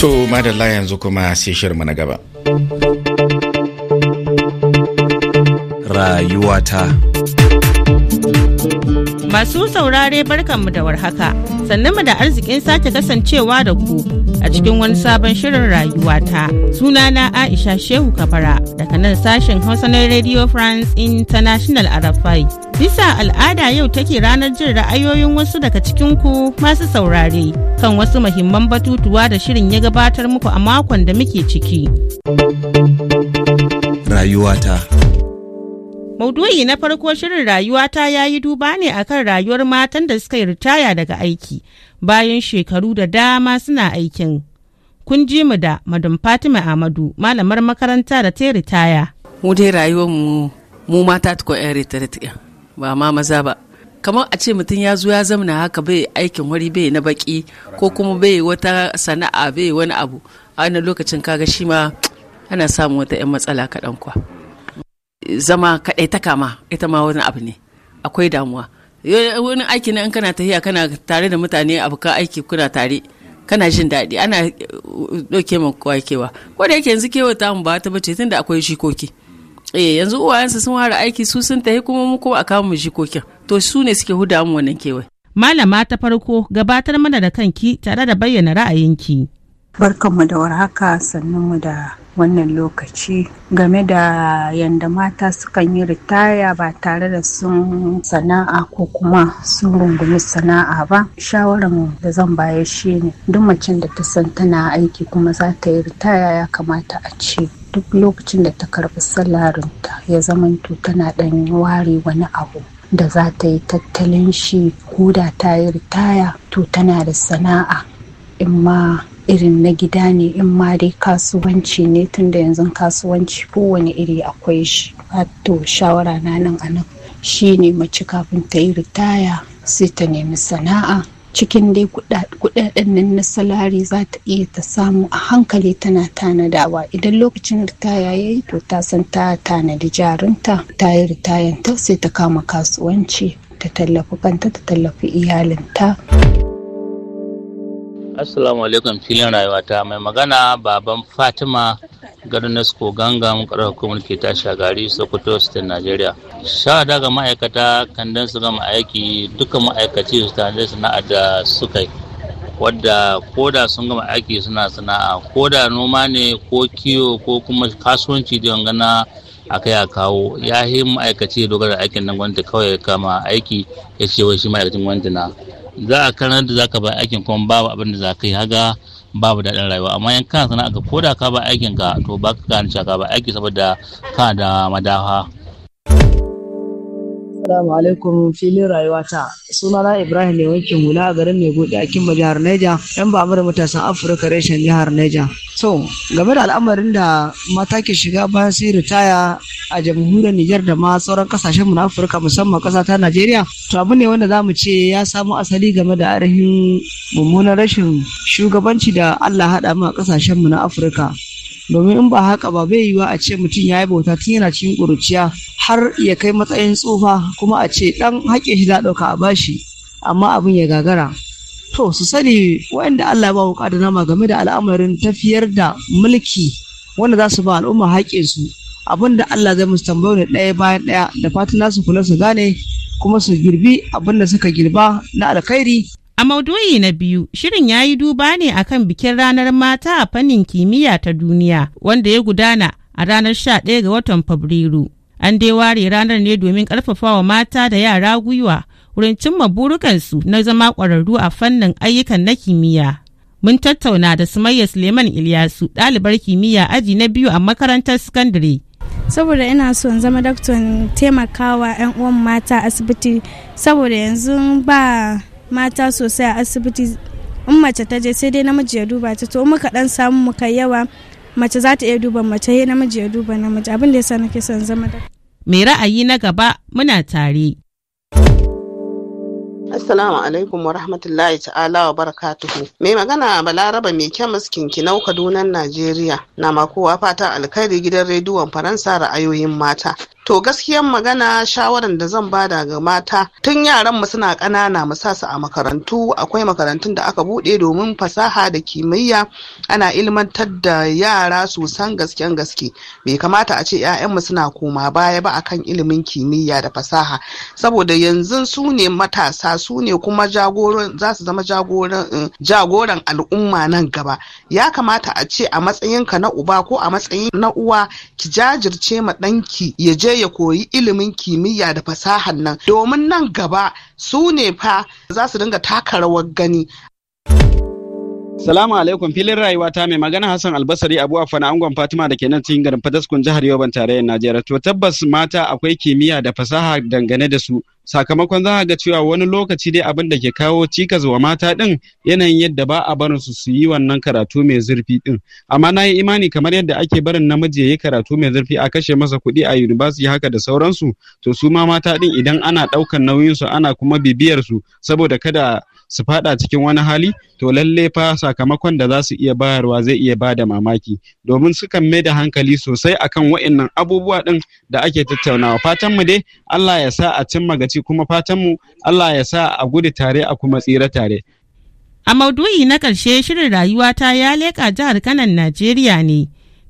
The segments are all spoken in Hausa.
To madalla yanzu kuma sai shirma na gaba. Rayuwata Masu saurare barkanmu da warhaka, sannan mu da arzikin sake kasancewa da ku a cikin wani sabon shirin rayuwata. Sunana Aisha Shehu Kabara daga nan sashen Hausa na Radio France International Arafai. Bisa al'ada yau take ranar jin ra'ayoyin wasu daga cikinku masu saurare kan wasu mahimman batutuwa da shirin ya gabatar muku a makon da muke ciki. Rayuwata Maudu'i na farko shirin rayuwata ya yi duba ne akan rayuwar matan da suka yi ritaya daga aiki bayan shekaru da dama suna aikin. Kun ji mu da Madam Fatima Amadu, malamar makaranta da ta yi ritaya. Mu dai rayuwar mu mu mata tukwa 'yan ritaya. ba ma maza ba kamar a ce mutum ya zo ya zamana haka bai aikin wari bai na baki ko kuma bai wata sana'a bai wani abu a wannan lokacin kaga shi ma ana samun wata 'yan matsala kaɗan kwa zama kaɗai ta kama ita ma wani abu ne akwai damuwa wani aiki na in kana tafiya kana tare da mutane abu ka aiki kuna tare kana jin daɗi ana eh, ɗauke ma kowa kewa ko da yake yanzu kewa ta mu ba ta bace tunda akwai shikoki eh yanzu uwayensu sun fara aiki su sun tafi kuma mu kuma a kawo mu jikokin to su ne suke huda mu wannan kewai. malama ta farko gabatar mana da kanki tare da bayyana ra'ayinki barkanmu da warhaka mu da wannan lokaci game da yadda mata sukan yi ritaya ba tare da sun sana'a ko kuma sun rungumi sana'a ba shawararmu da zan baya shi ne duk macen da ta san tana aiki kuma za ta yi ritaya ya kamata a ce duk lokacin da ta karbi salarinta ya zamanto tana ɗan ware wani abu da za ta yi tattalin shi ko da ta yi ritaya to tana da sana'a in ma irin na gida ne in ma dai kasuwanci ne tunda yanzu kasuwanci kowane iri akwai shi wato shawara na nan a nan ne mace kafin ta yi ritaya sai ta nemi sana'a cikin dai kudaden nan na salari za ta iya ta samu a hankali tana tanadawa idan lokacin ritaya ya yi to ta san ta tanadi jarinta ta yi ritayanta sai ta kama kasuwanci ta tallafi kanta ta tallafi iyalinta. Assalamu alaikum filin rayuwata mai magana baban Fatima garin nasko ganga mun karar hukumar ke tashi a gari sokoto state nigeria Sha ga ma'aikata kan dan su gama aiki duka ma'aikaci su ta hanyar sana'a da suka yi wadda koda sun gama aiki suna sana'a koda noma ne ko kiwo ko kuma kasuwanci da gana a kai a kawo ya yi ma'aikaci dogara aikin nan gwamnati kawai ya kama aiki ya ce wa shi ma'aikacin gwamnati na za a kanar da za ka ba aikin kuma babu abin da za ka yi haga babu daɗin rayuwa amma in kana sana'a ko da ka ba aikin ka to ba ka gane cewa ka ba aiki saboda ka da madafa Assalamu alaikum filin rayuwata. Sunana Ibrahim ne wankin hula a garin Maigode a Kimba jihar Neja, yan bamar matasan Afirka reshen jihar Neja. So, game da al'amarin da mata ke shiga bayan sun ritaya a jamhuriyar Nijar da ma sauran kasashen mu na Afirka musamman kasa ta Najeriya, to abu ne wanda zamu ce ya samu asali game da arihin mummunar rashin shugabanci da Allah haɗa mu a kasashen mu na Afirka. domin in ba haka ba bai yiwa a ce mutum ya yi bauta tun yana cikin ƙuruciya har ya kai matsayin tsufa kuma a ce ɗan haƙe shi ɗauka a bashi amma abin ya gagara to su sani waɗanda Allah ya ba wuƙa da nama game da al'amarin tafiyar da mulki wanda za su ba al'umma su abin da Allah zai musu tambayo ne ɗaya bayan ɗaya da fatan nasu kula su gane kuma su girbi abin da suka girba na alkhairi A maudu'i na biyu, shirin ya yi duba ne a kan bikin ranar mata a fannin kimiyya ta duniya wanda ya gudana a ranar 11 ga watan Fabrairu. An dai ware ranar ne domin ƙarfafawa mata da yara gwiwa wurin cimma burukansu na zama ƙwararru a fannin ayyukan na kimiyya. Mun tattauna da Sumayya Suleiman Ilyasu, ɗalibar kimiyya aji na biyu a makarantar sakandare. saboda ina so in zama daktar taimakawa 'yan uwan mata asibiti saboda yanzu ba mata sosai a asibiti in mace ta je sai dai namiji ya duba ta to muka dan samu muka yawa mace za ta iya duba mace sai namiji ya duba namiji abin da yasa nake son zama da me ra'ayi na gaba muna tare Assalamu alaikum wa rahmatullahi ta'ala wa barakatuhu. Mai magana Balaraba mai kyamis kinkinau Kaduna Najeriya na makowa fatan alkhairi gidan rediyon Faransa ra'ayoyin mata. To gaskiyan magana shawaran da zan bada ga mata tun yaran mu suna ƙanana mu sa su a makarantu akwai makarantun da aka buɗe domin fasaha da kimiyya ana ilmantar da yara su san gasken gaske bai kamata a ce 'ya'yanmu suna koma baya ba akan ilimin kimiyya da fasaha saboda yanzu su ne matasa su ne kuma jagoran za su zama eh, jagoran al'umma nan gaba ya kamata a ce a matsayinka na uba ko a matsayin na uwa ki jajirce ma ɗanki ya je je ya koyi ilimin kimiyya da fasahan nan domin nan gaba su ne fa za su dinga taka rawar gani Salamu alaikum filin rayuwa ta mai magana Hassan Albasari Abu Afana Angon Fatima da ke nan cikin garin Fataskun jihar Yoban tarayyar Najeriya. To tabbas mata akwai kimiyya da fasaha dangane da su. Sakamakon za ga cewa wani lokaci dai abin da ke kawo cikas wa mata din yanayin yadda ba a barin su su yi wannan karatu mai zurfi din. Amma na yi imani kamar yadda ake barin namiji ya yi karatu mai zurfi a kashe masa kuɗi a university haka da sauransu. To su ma mata din idan ana ɗaukan nauyinsu ana kuma bibiyar su saboda kada su fada cikin wani hali to lalle fa sakamakon da za su iya bayarwa zai iya bada mamaki domin sukan mai da hankali sosai akan wa'annan abubuwa din da ake tattaunawa fatan mu dai Allah ya sa a cimma gaci kuma fatan mu Allah ya sa a gudu tare a kuma tsira tare a maudu'i na karshe shirin rayuwa ta ya leƙa jihar kanan Najeriya ne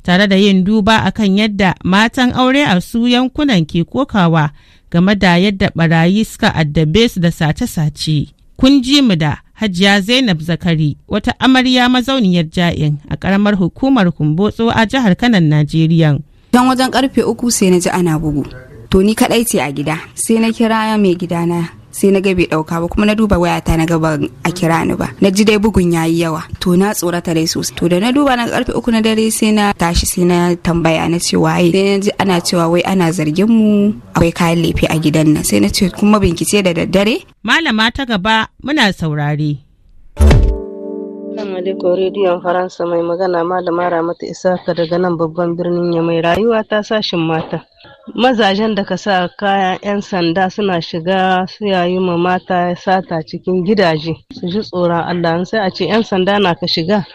tare da yin duba akan yadda matan aure a su yankunan ke kokawa game da yadda barayi suka addabe su da sace-sace. kun ji mu da Hajiya Zainab Zakari wata amarya mazauniyar ja'in a karamar hukumar Kumbotso a jihar Kanan Najeriya. Dan wajen karfe uku sai na ji ana bugu. To ni kadai ce a gida sai na kira mai gidana sai na ga bai dauka ba kuma na duba wayata na ga ba a kira ni ba na ji dai bugun ya yi yawa to na tsorata dai sosai to da na duba na karfe uku na dare sai na tashi sai na tambaya na ce waye sai na ji ana cewa wai ana zargin mu akwai kayan lefe a gidan nan sai na ce kuma bincike da daddare malama ta gaba muna saurare Assalamu alaikum rediyon Faransa mai magana malama Ramatu Isaka daga nan babban birnin Yamai rayuwa ta sashin mata. mazajen da ka sa kayan 'yan sanda suna shiga su yayi ma mata sata cikin gidaje su ji tsoron Allah sai a ce 'yan sanda na ka shiga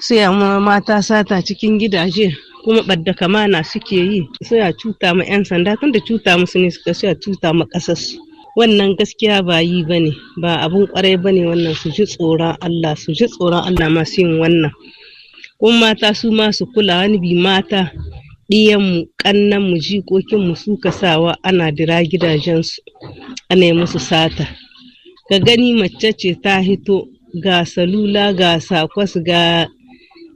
su ma mata sata cikin gidaje kuma ɓadda kamana suke yi su a cuta ma 'yan sanda tunda cuta musu ne suka su ya cuta ma ƙasas. wannan gaskiya ba yi ba ne ba abun kwarai ba ne wannan su ji tsoron Allah su ji tsoron Allah masu yin wannan kuma mata su ma su kula wani bi mata ɗiyanmu ƙannanmu mu suka sawa ana dira gidajensu ana yi musu sata ka gani mace ce ta hito ga salula ga sakwas ga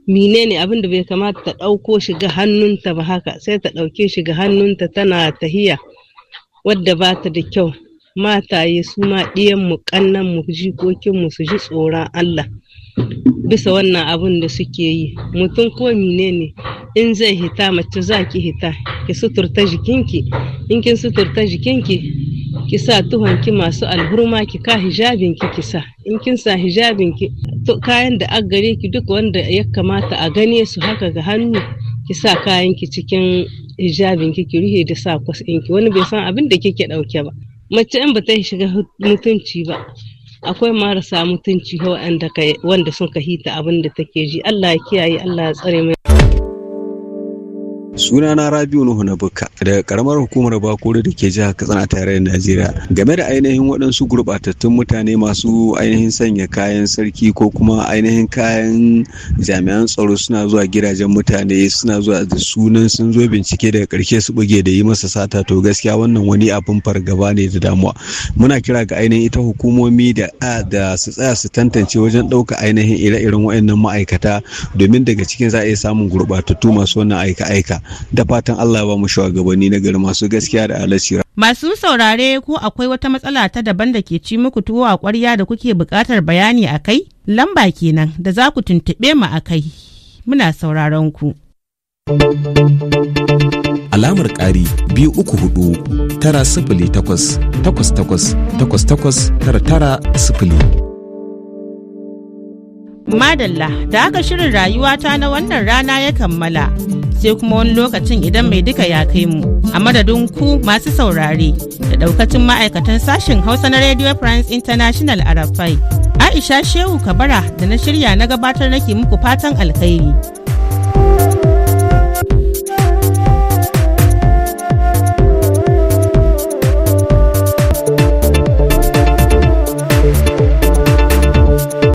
menene abin da bai kamata ta ɗauko shiga hannunta ba haka sai ta ɗauke shi ga hannunta tana tahiya wadda ba ta da kyau mataye su ma ɗiyanmu ƙannanmu jikokinmu su ji tsoron Allah bisa wannan abin da suke yi mutum ko menene ne in zai hita mace za ki hita ki suturta jikinki in kin suturta jikinki ki sa tuhonki masu alhurma ki ka hijabinki ki sa in kin sa hijabinki kayan da an gare ki duk wanda ya kamata a gane su haka ga hannu ki sa kayanki cikin hijabinki ki rufe da sa kwas ɗinki. wani bai san abin da kike ɗauke ba mace in ba ta shiga mutunci ba akwai marasa mutunci wanda sun hita abin da take ji Allah ya kiyaye Allah ya tsare mai Suna na rabiu nuhu na bukka daga karamar hukumar bakori da ke jihar katsina tarayyar najeriya game da ainihin waɗansu gurɓatattun mutane masu ainihin sanya kayan sarki ko kuma ainihin kayan jami'an tsaro suna zuwa gidajen mutane suna zuwa da sunan sun zo bincike daga ƙarshe su buge da yi masa sata to gaskiya wannan wani abin fargaba ne da damuwa muna kira ga ainihin ita hukumomi da da su tsaya su tantance wajen ɗauka ainihin ire-iren waɗannan ma'aikata domin daga cikin za a iya samun gurɓatattu masu wannan aika-aika da fatan Allah ba mu shugabanni na gari masu gaskiya da alasi. Masu saurare ko akwai wata matsala ta daban da ke ci muku tuwo a kwarya da kuke buƙatar bayani a kai? Lamba kenan da za ku tuntuɓe mu a kai. Muna sauraron ku. Alamar ƙari biyu uku hudu tara sifili takwas takwas takwas takwas takwas tara tara sifili. Madalla da haka shirin rayuwata na wannan rana ya kammala sai kuma wani lokacin idan mai duka ya kai mu a madadin ku masu saurare da daukacin ma'aikatan sashen Hausa na Radio France International Arafai. Aisha Shehu Kabara da na shirya na gabatar nake muku fatan alkhairi.